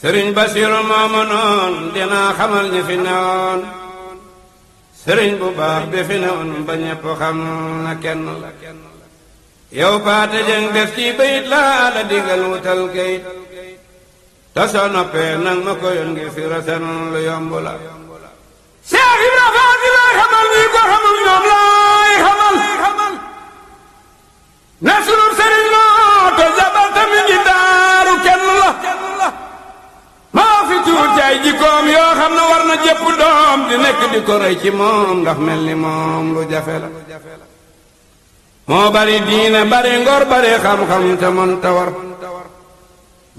sëriñ Basiru moomu noon dinaa xamal ñi fi newoon sëriñ bu baax bi fi newoon ba ñëpp xam na kenn la yow paate jëng def ci bayit laa la digal wutal kayit te soo noppee nang ma ko yoon fi rasen lu yomb la Seex Ibra Faati lay xamal ñi ko xamul ñoom laay xamal na sunu sëriñ loo bépp doom mel ni moom la moo bari diine bari ngor bari xam-xam te mën ta war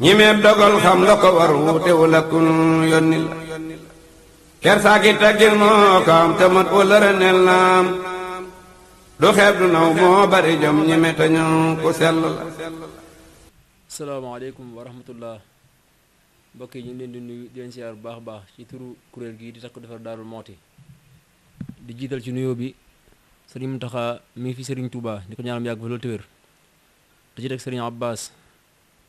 ñi meeb xam la ko war wuute wu la kersaaki taggil moo ko am te mët wala naam du xeeb du naw moo bari jom ñi metañu ku sell la salaamaaleykum wa rahmatullah mbokk yi ñu ngi leen di nuyu di leen bu baax baax ci kuréel gii di takku defar Daarul Muxti di jiital ci nuyoo bi sëriñ Muntaxa mi fi sëriñ Touba di ko ñaan mu yàgg fi loolu téwér di ci teg sëriñ Abbas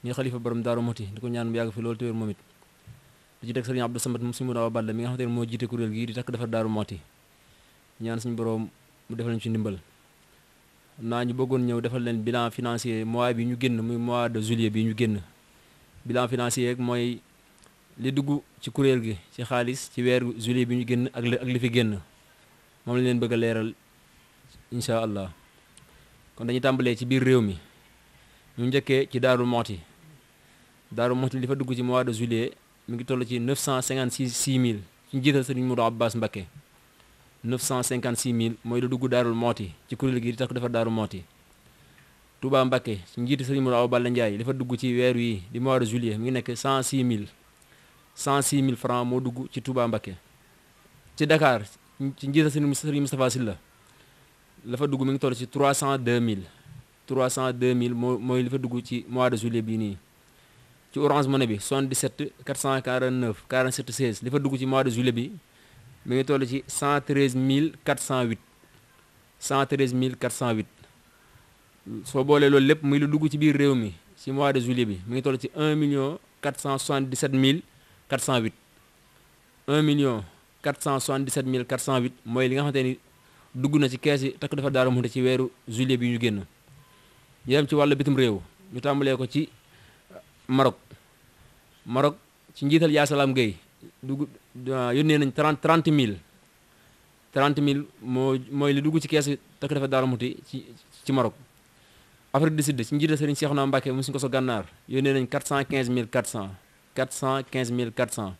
mi xalifa borom Daarul Muxti di ko ñaan yàgg fi loolu téwér moom it di ci teg sëriñ mu suñu Awa mi nga ne moo jiite kuréel gii di takku defar Daarul ñaan suñu borom mu defal ñu ndimbal naa ñu bëggoon ñëw defal leen bilan financier mois bi ñu génn muy mois de juillet bi ñu génn bilan financier mooy li dugg ci kuréel gi ci xaalis ci weeru juillet bi ñu génn ak ak li fi génn moom la leen bëgg a leeral incha allah kon dañuy tàmbalee ci biir réew mi ñu njëkkee ci Daaru Mooti Daaru Mooti li fa dugg ci mois de juillet mu ngi toll ci neuf cent cinquante six six mille ñu jiital Sëriñ Modou Abbas Mbacké neuf cent cinquante six mille mooy lu dugg Daaru Mooti ci kuréel gi di tax ko defar Daaru Mooti Touba Mbacké ci njiitu Sëriñ mu Awa Balla Ndiaye li fa dugg ci weer di mois de juillet mi nekk cent six mille cent 106 mille francs moo dugg ci Touba Mbacké ci Dakar ci njiital Serigne Moustapha Sylla la lafa dugg mi ngi toll ci 302 000 deux mille moo mooy li fa dugg ci mois de juillet bii nii ci Orange Money bi 77 449 47 16 li fa dugg ci mois de juillet bi mi ngi toll ci cent 113 408 113 408 soo boolee loolu lépp muy lu dugg ci biir réew mi ci mois de juillet bi mi ngi toll ci 1 million 477 mille 408 1 million cent 477 mille 408 mooy li nga xamante ni dugg na ci kees yi takk dafa daara mu ci weeru juillet bi ñu génn ñu dem ci wàllu bitim réew ñu tàmbalee ko ci euh, Maroc Maroc ci njiital yaa salaam Gueye dugg euh, nañ 30 30 mille 30 mille moo mooy li dugg ci kees takk dafa daara mu ci ci Maroc Afrique du Sud ci njiital Serigne Cheikhouna Mbacké mu suñ ko so gànnaar yónnee nañ 400 15 400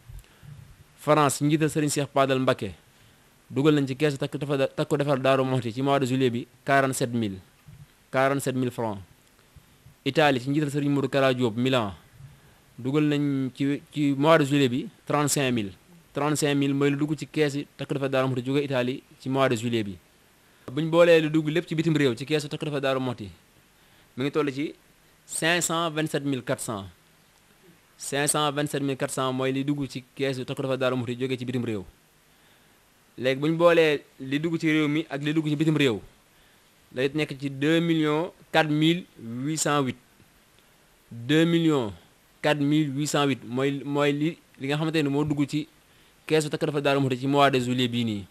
France njiital Serigne Cheikh Padal Mbacké dugal nañ ci keesu takk dafa takku defar Daaru Moxti ci mois de juillet bi 47000 47000 francs Italie ci njiital Serigne Modou Kara Diop Milan dugal nañ ci ci mois de juillet bi 35000 35000 mooy lu dugg ci keesu takk defar Daaru Moxti jóge Italie ci mois de juillet bi buñ boolee lu dugg lépp ci bitim réew ci keesu takk defar Daaru Moxti mu ngi toll ci mille cent cinq cent 527400 mooy li dugg ci keesu Takku-Rafaa Daaru Muxti jógee ci bitim réew léegi bu ñu boolee li dugg ci réew mi ak li dugg ci bitim réew lay nekk ci 2 millions 4 mille 808 2 millions 4 mille 808 mooy mooy li li nga xamante ne moo dugg ci keesu Takku-Rafaa daal Muxti ci mois de juillet bii nii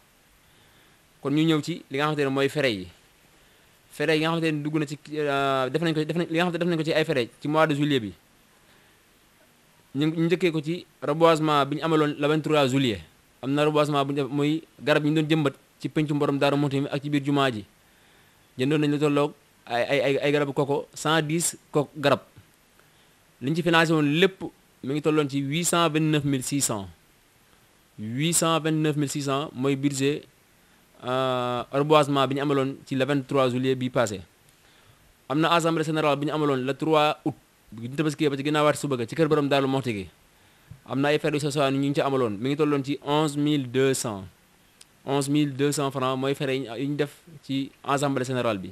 kon ñu ñëw ci li nga xamante ne mooy fere yi frais yi nga xamante ne dugg na ci euh, def nañ ko def nañ li nga xamante ne ko ci ay frais ci mois de juillet bi ñu ñu njëkkee ko ci reboisement bi ñu amaloon le 23 am na reboisement bu ñu def garab yi ñu doon jëmbat ci pencu mborom Daaru Muxti mi ak ci biir jumaa ji jëndoon nañu lu tolloog ay ay ay garab koko 110 ko garab liñ ci financé woon lépp mi ngi tolloon ci cent 829 600 829 600 mooy budget euh, reboisement bi ñu amaloon ci le 23 juillet bi passé am na assemblée générale bi ñu amaloon le 3 août. bu ñu tabaskiyee ba ci ginnaawaati suba ga ci kër borom Daaru Muxti gi am na ay fer yu sosaan ñu ngi ci amaloon mi ngi tolloon ci onze mille deux cent onze mooy fere ñu def ci assemblée générale bi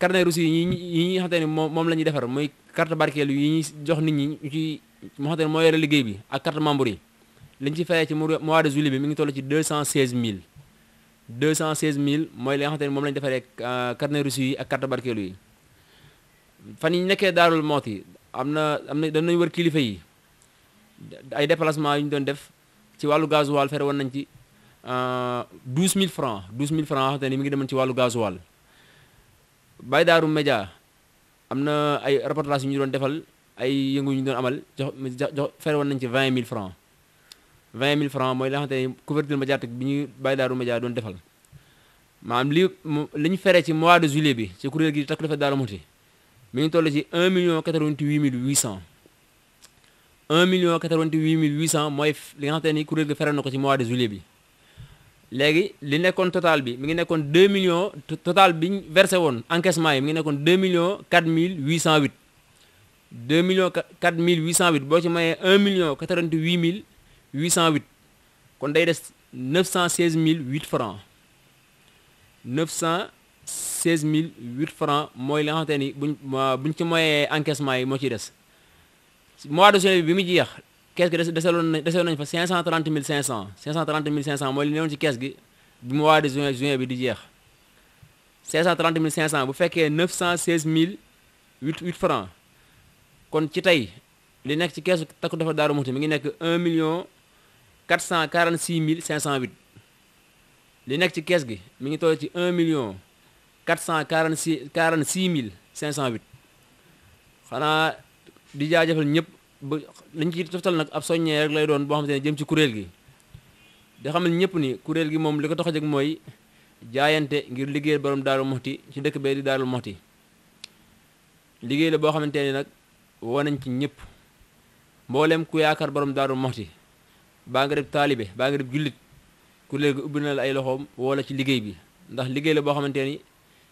carnet reçu yi yi ñi nga xamante moom moom la ñuy defar mooy carte barkeelu yi jox nit ñi ñu ci moo xamante bi ak carte membre yi liñ ci feree ci mois de juillet bi mi ngi toll ci deux cent seize mille deux cent seize mille mooy li nga xamante moom la defaree euh, carnet reçu yi ak carte barkeelu yi fan yi ñu nekkee daarul mooti am na am na dañu wër kilifa yi ay déplacement yu ñu doon def ci wàllu gasoil fere woon nañ ci euh, douze mille francs douze mille francs te mi ngi demoon ci wàllu gasoil bay daaru média am na ay reportage ñu doon defal ay yëngu ñu doon amal jox jox fere woon ci vingt mille francs vingt mille francs mooy la nga xamante ne couverture médiatique bi ñu bay daaru média doon defal maanaam li li ñu feree ci mois de juillet bi ci kuréel gi takku defee daaru muti mi ngi toll ci un million quatre-vingt-huit mille huit cent un million quatre mille huit cent mooy li nga xamante ni kuréel gi feral na ko ci mois de juillet bi léegi li nekkoon total bi mi ngi nekkoon deux million total bi ñu versé woon encaissement yi mi ngi nekkoon deux millions quatre mille huit cent huit deux millions quatre mille huit cent huit boo ci mayee un million quatre-vingt-huit cent huit kon day des neuf cent seize mille huit francs neuf seize mille huit francs mooy li nga xamante ni buñ buñ ci moyee encaissement yi moo ciy des mois de juin bi bi mu jeex kees gi deseloon nañ deseloon nañ fa cinq cent trente mille cinq cent cinq cent trente mille cinq cent mooy li newoon ci kees bi di jeex cinq cent trente cent bu fekkee neuf cent seize mille huit huit francs kon ci tey li nekk ci keesu Takku Defar Daaru Muxti mi ngi nekk un million quatre cent quarante six mille cinq cent huit li nekk ci kees gi mi ngi toll ci un million quatre cent quarante six quarante six mille cinq cent huit xanaa di jaajëfal ñëpp ba liñ ci toftal nag ab soññee rek lay doon boo xam te jëm ci kuréel gi di xamal ñëpp ni kuréel gi moom li ko tax a jóg mooy jaayante ngir liggéey borom Daaru Moxti ci dëkk bee di Daaru Moxti liggéey la boo xamante ni nag woo nañ ci ñëpp mboolem ku yaakaar borom Daaru Moxti baa nga def taalibe baa nga def jullit kuréel gi ubbi na la ay loxoom woo la ci liggéey bi ndax liggéey boo xamante ni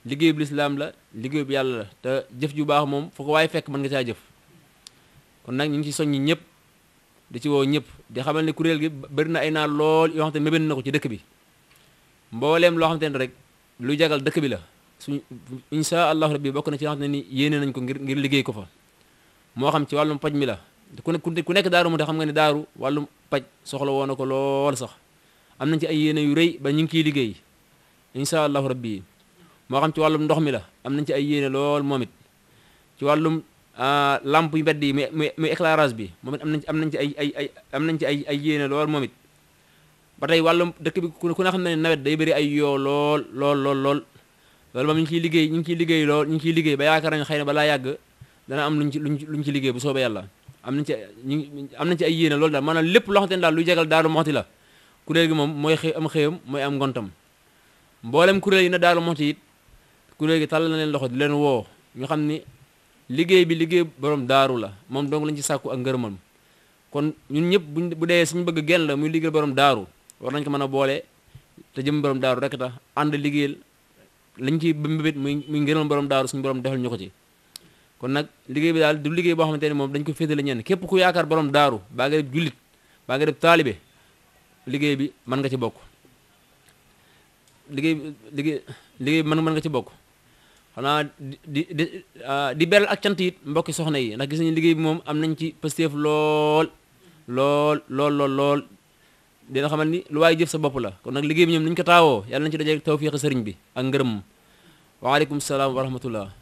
liggéeyub lislaam la bi yàlla la te jëf ju baax moom foo waaye fekk mën nga caa jëf kon nag ñu ngi ci soññi ñëpp di ci woo ñëpp di xamal ne kuréel gi bari na ay naa lool yoo xam te mébét na ko ci dëkk bi mbooleem loo xam te ne rek lu jagal dëkk bi la suñ insha allahu rabbi bokk na ci yoo xam ne ni yéene nañ ko ngir ngir liggéey ko fa moo xam ci wàllum paj mi la ku nekk daaru mu te xam nga ne daaru wàllum paj soxla woon na ko lool sax am nañ ci ay yéene yu rëy ba ñu ngi kiy liggéey insha allahu rabbi moo xam ci wàllum ndox mi la am nañ ci ay yéene lool moom it ci wàllum ah, lamp yu mbedd yi muy muy éclairage bi moom it nañ am nañ ci ay ay am nañ ci ay ay yéene lool moom it ba tey wàllum dëkk bi ku ne xam ne nawet day bëri ay yoo lool lool lool lool loolu moom ci ngi ciy liggéey ñu ngi ciy liggéey lool ñu ngi ciy liggéey ba yaakaar nañ xëy na balaa yàgg dana am luñ ci luñ ci liggéey bu soobee yàlla am nañ ci ñu am nañ ci ay yéene loolu daal maanaam lépp loo xamante ne daal luy jagal Daaru Muxti la kuréel gi moom mooy xëy am xëyam mooy am ngontam mboolem kuréel yi na Daaru Muxti it kuréel gi tàll na leen loxo di leen woo ñu xam ni liggéey bi liggéey borom daaru la moom dong lañ ci sàkku ak ngërëmam kon ñun ñëpp buñ bu dee suñu bëgg genn la muy liggéey borom daaru war nañ ko mën a boole te jëm borom daaru rek tax ànd liggéeyal lañ ci mbébét muy muy ngërëmal borom daaru suñu borom defal ñu ko ci kon nag liggéey bi daal du liggéey boo xamante ne moom dañ ko féetale ñenn képp ku yaakaar borom daaru baa nga def jullit baa nga def taalibe liggéey bi mën nga ci bokk liggéey liggéey mën mën nga ci bokk xanaa di di di ah, beral ak cant mbokki soxna yi nag gis nañu liggéey bi moom am nañ ci pësteef lool lool lool lool lool dina xamal ni lu waaye jëf sa bopp la kon nag liggéey bi ñoom ni ñu ko taawoo yàlla nañ ci dajeeg tawfiix sëriñ bi ak ngërëm waaleykum salaam wa rahmatullah